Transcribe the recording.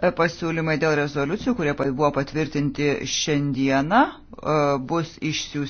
Pasiūlymai dėl rezoliucijų, kurie buvo patvirtinti šiandieną, e, bus išsiųsti.